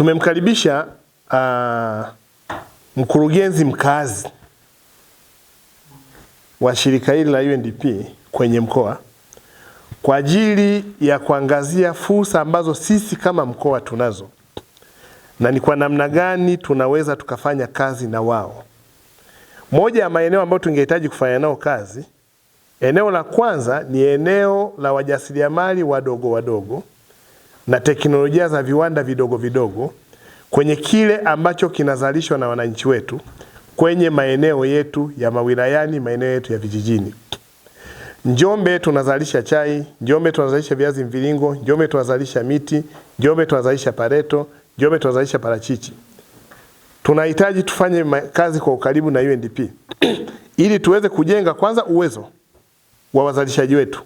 Tumemkaribisha uh, mkurugenzi mkazi wa shirika hili la UNDP kwenye mkoa kwa ajili ya kuangazia fursa ambazo sisi kama mkoa tunazo na ni kwa namna gani tunaweza tukafanya kazi na wao. Moja ya maeneo ambayo tungehitaji kufanya nao kazi, eneo la kwanza ni eneo la wajasiriamali wadogo wadogo na teknolojia za viwanda vidogo vidogo kwenye kile ambacho kinazalishwa na wananchi wetu kwenye maeneo yetu ya mawilayani, maeneo yetu ya vijijini. Njombe tunazalisha chai, Njombe tunazalisha viazi mviringo, Njombe tunazalisha miti, Njombe tunazalisha pareto, Njombe tunazalisha parachichi. Tunahitaji tufanye kazi kwa ukaribu na UNDP ili tuweze kujenga kwanza uwezo wa wazalishaji wetu,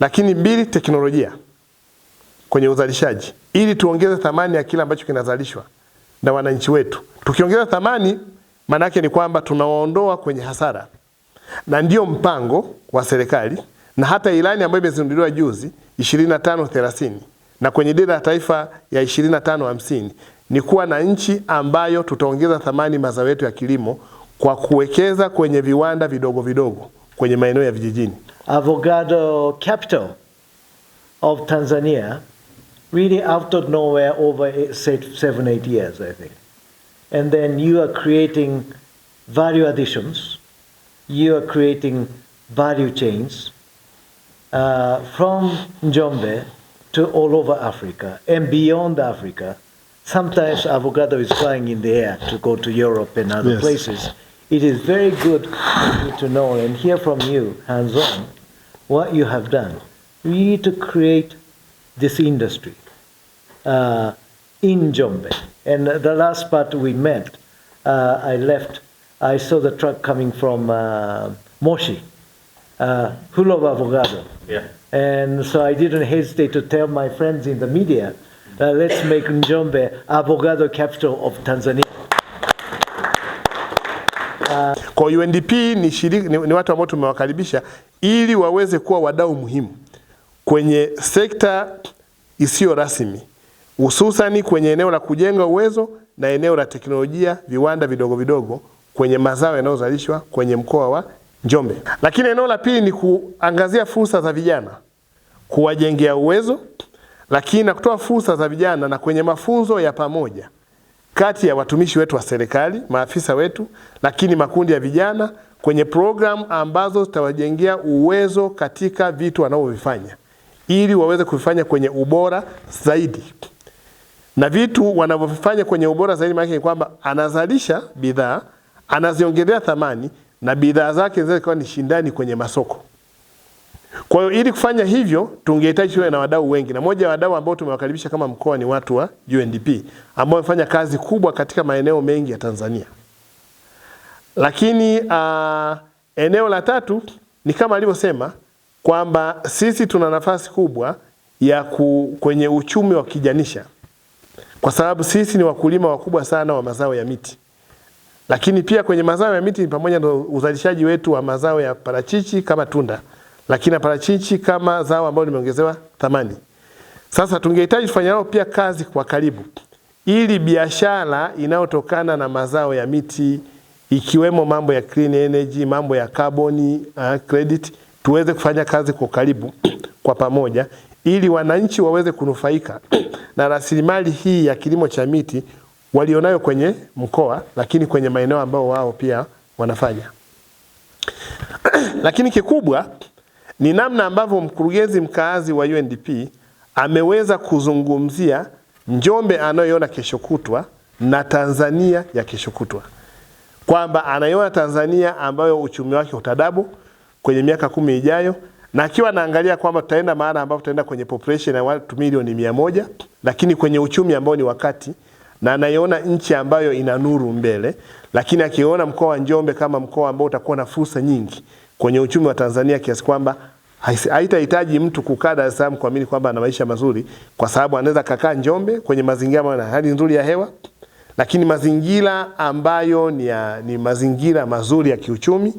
lakini mbili teknolojia kwenye uzalishaji ili tuongeze thamani ya kile ambacho kinazalishwa na wananchi wetu. Tukiongeza thamani, maana yake ni kwamba tunawaondoa kwenye hasara, na ndio mpango wa serikali na hata ilani ambayo imezinduliwa juzi 25 30 na kwenye dira ya taifa ya 25 50 ni kuwa na nchi ambayo tutaongeza thamani mazao yetu ya kilimo kwa kuwekeza kwenye viwanda vidogo vidogo kwenye maeneo ya vijijini. Avocado Capital of Tanzania really out of nowhere over seven, eight years, I think. And then you are creating value additions, you are creating value chains uh, from Njombe to all over Africa and beyond Africa. Sometimes avocado is flying in the air to go to Europe and other yes. places. It is very good to know and hear from you hands on what you have done. We need to create this industry uh, in Jombe. And the last part we met, uh, I left, I saw the truck coming from uh, Moshi, uh, full of avocado. Yeah. And so I didn't hesitate to tell my friends in the media, uh, let's make Njombe avocado capital of Tanzania. Kwa UNDP ni, shiri, ni, ni watu ambao tumewakaribisha ili waweze kuwa wadau muhimu kwenye sekta isiyo rasmi, hususani kwenye eneo la kujenga uwezo na eneo la teknolojia, viwanda vidogo vidogo kwenye mazao yanayozalishwa kwenye mkoa wa Njombe. Lakini eneo la pili ni kuangazia fursa za vijana, kuwajengea uwezo, lakini na kutoa fursa za vijana na kwenye mafunzo ya pamoja kati ya watumishi wetu wa serikali, maafisa wetu, lakini makundi ya vijana kwenye programu ambazo zitawajengea uwezo katika vitu wanavyovifanya ili waweze kuvifanya kwenye ubora zaidi. Na vitu wanavyofanya kwenye ubora zaidi maana ni kwamba anazalisha bidhaa, anaziongezea thamani na bidhaa zake zinaweza kuwa ni shindani kwenye masoko. Kwa hiyo ili kufanya hivyo tungehitaji tuwe na wadau wengi, na moja ya wadau ambao tumewakaribisha kama mkoa ni watu wa UNDP ambao wamefanya kazi kubwa katika maeneo mengi ya Tanzania. Lakini uh, eneo la tatu ni kama alivyosema kwamba sisi tuna nafasi kubwa ya ku, kwenye uchumi wa kijanisha kwa sababu sisi ni wakulima wakubwa sana wa mazao ya miti, lakini pia kwenye mazao ya miti ni pamoja na uzalishaji wetu wa mazao ya parachichi kama tunda, lakini na parachichi kama zao ambalo limeongezewa thamani. Sasa tungehitaji kufanya nao pia kazi kwa karibu, ili biashara inayotokana na mazao ya miti ikiwemo mambo ya clean energy, mambo ya carbon uh, credit tuweze kufanya kazi kwa karibu kwa pamoja, ili wananchi waweze kunufaika na rasilimali hii ya kilimo cha miti walionayo kwenye mkoa, lakini kwenye maeneo ambao wao pia wanafanya. Lakini kikubwa ni namna ambavyo mkurugenzi mkaazi wa UNDP ameweza kuzungumzia Njombe anayoiona kesho kutwa na Tanzania ya kesho kutwa, kwamba anaiona Tanzania ambayo uchumi wake utadabu kwenye miaka kumi ijayo na akiwa anaangalia kwamba tutaenda maana ambapo tutaenda kwenye population ya watu milioni mia moja, lakini kwenye uchumi ambao ni wakati na anaiona nchi ambayo ina nuru mbele, lakini akiona mkoa wa Njombe kama mkoa ambao utakuwa na fursa nyingi kwenye uchumi wa Tanzania kiasi kwamba haitahitaji mtu kukaa Dar es Salaam kuamini kwamba ana maisha mazuri, kwa sababu anaweza kakaa Njombe kwenye mazingira ambayo yana hali nzuri ya hewa, lakini mazingira ambayo ni, ya, ni mazingira mazuri ya kiuchumi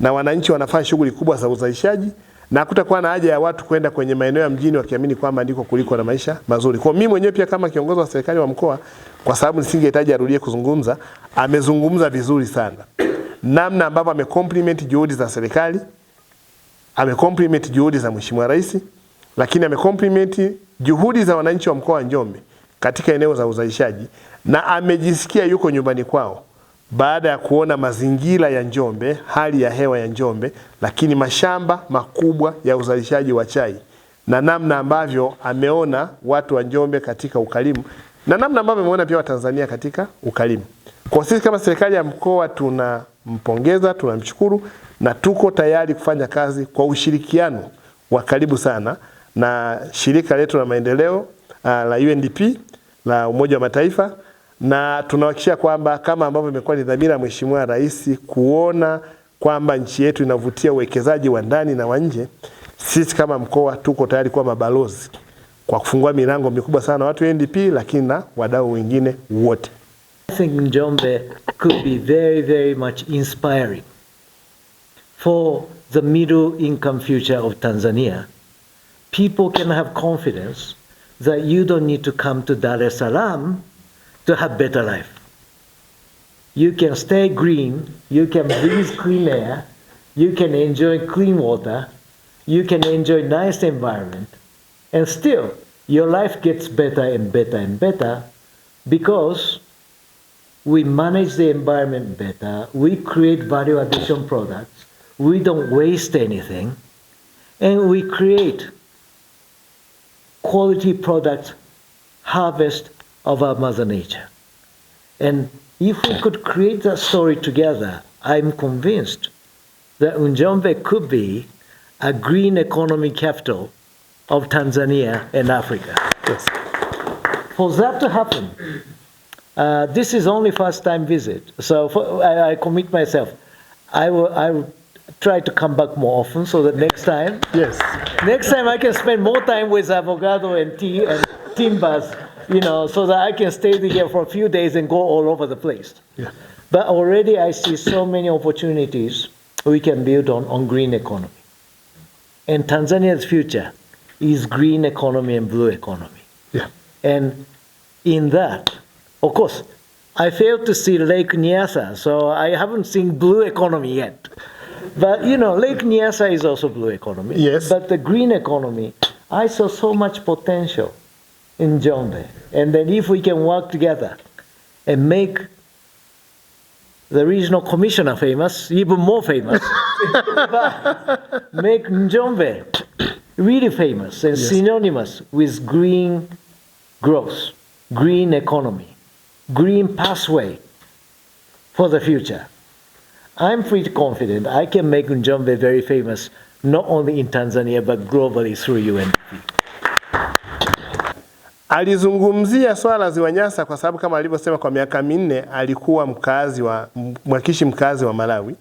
na wananchi wanafanya shughuli kubwa za uzalishaji na kutakuwa na haja ya watu kwenda kwenye maeneo ya mjini wakiamini kwamba ndiko kuliko na maisha mazuri. Kwa mimi mwenyewe pia kama kiongozi wa serikali wa mkoa, kwa sababu nisingehitaji arudie kuzungumza, amezungumza vizuri sana namna ambavyo amecompliment juhudi za serikali, amecompliment juhudi za Mheshimiwa Rais, lakini amecompliment juhudi za wananchi wa mkoa wa Njombe katika eneo za uzalishaji na amejisikia yuko nyumbani kwao baada ya kuona mazingira ya Njombe, hali ya hewa ya Njombe, lakini mashamba makubwa ya uzalishaji wa chai na namna ambavyo ameona watu wa Njombe katika ukarimu na namna ambavyo ameona pia Watanzania katika ukarimu. Kwa sisi kama serikali ya mkoa tunampongeza, tunamshukuru na tuko tayari kufanya kazi kwa ushirikiano wa karibu sana na shirika letu la maendeleo ah, la UNDP la Umoja wa Mataifa na tunahakikisha kwamba kama ambavyo imekuwa ni dhamira Mheshimiwa Rais kuona kwamba nchi yetu inavutia uwekezaji wa ndani na wa nje, sisi kama mkoa tuko tayari kuwa mabalozi kwa kufungua milango mikubwa sana watu wa NDP, lakini na wadau wengine wote. I think Njombe could be very, very much inspiring for the middle income future of Tanzania. People can have confidence that you don't need to come to Dar es Salaam to have better life. You can stay green, you can breathe clean air, you can enjoy clean water, you can enjoy nice environment, and still your life gets better and better and better because we manage the environment better, we create value addition products, we don't waste anything, and we create quality products harvest of our mother nature. And if we could create that story together, I'm convinced that Unjombe could be a green economy capital of Tanzania and Africa. Yes. For that to happen, uh, this is only first time visit, so for, I, I, commit myself. I will, I will try to come back more often so that next time, yes, next time I can spend more time with avocado and tea and timbers you know, so that I can stay here for a few days and go all over the place. Yeah. But already I see so many opportunities we can build on, on green economy. And Tanzania's future is green economy and blue economy. Yeah. And in that, of course, I failed to see Lake Nyasa, so I haven't seen blue economy yet. But you know, Lake Nyasa is also blue economy. Yes. But the green economy, I saw so much potential in Jonde. And then if we can work together and make the regional commissioner famous, even more famous, make Njombe really famous and yes. synonymous with green growth, green economy, green pathway for the future. I'm pretty confident I can make Njombe very famous, not only in Tanzania, but globally through UNDP. Alizungumzia swala la ziwa Nyasa kwa sababu kama alivyosema, kwa miaka minne alikuwa mkazi wa mwakishi mkazi wa Malawi,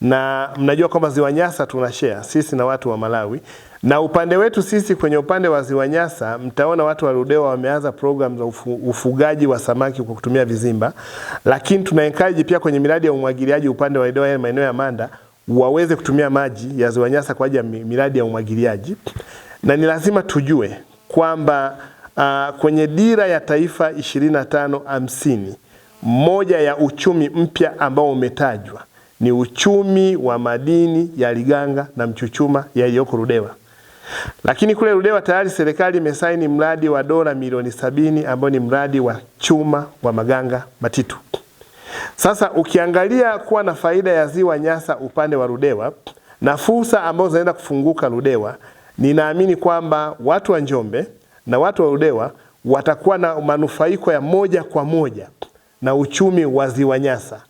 na mnajua kwamba ziwa Nyasa tuna share sisi na watu wa Malawi, na upande wetu sisi kwenye upande wa ziwa Nyasa mtaona watu wa Ludewa wameanza program za ufu, ufugaji wa samaki kwa kutumia vizimba, lakini tuna encourage pia kwenye miradi ya umwagiliaji upande wa Ludewa, maeneo ya Manda waweze kutumia maji ya ziwa Nyasa kwa ajili ya miradi ya umwagiliaji, na ni lazima tujue kwamba uh, kwenye dira ya taifa 2550 moja ya uchumi mpya ambao umetajwa ni uchumi wa madini ya Liganga na Mchuchuma yaliyoko Ludewa. Lakini kule Ludewa tayari serikali imesaini mradi wa dola milioni sabini ambao ni mradi wa chuma wa Maganga Matitu. Sasa ukiangalia kuwa na faida ya ziwa Nyasa upande wa Ludewa na fursa ambazo zinaenda kufunguka Ludewa, ninaamini kwamba watu wa Njombe na watu wa Ludewa watakuwa na manufaiko ya moja kwa moja na uchumi wa Ziwa Nyasa,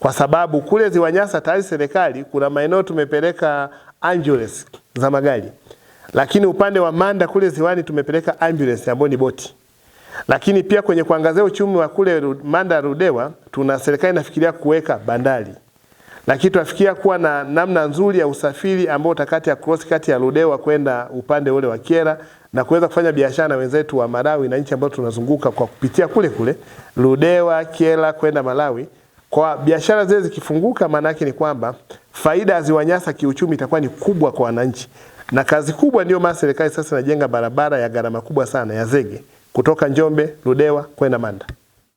kwa sababu kule Ziwa Nyasa tayari serikali kuna maeneo tumepeleka ambulance za magari, lakini upande wa Manda kule ziwani tumepeleka ambulance ambayo ni boti. Lakini pia kwenye kuangazia uchumi wa kule Manda Ludewa, tuna serikali inafikiria kuweka bandari lakini tunafikia kuwa na namna nzuri ya usafiri ambao utakati ya cross kati ya Ludewa kwenda upande ule wa Kiera na kuweza kufanya biashara na wenzetu wa Malawi na nchi ambazo tunazunguka kwa kupitia kule kule Ludewa, Kiera kwenda Malawi. Kwa biashara zile zikifunguka, maana yake ni kwamba faida ziwanyasa kiuchumi itakuwa ni kubwa kwa wananchi, na kazi kubwa ndio maana serikali sasa inajenga barabara ya gharama kubwa sana ya zege kutoka Njombe Ludewa kwenda Manda.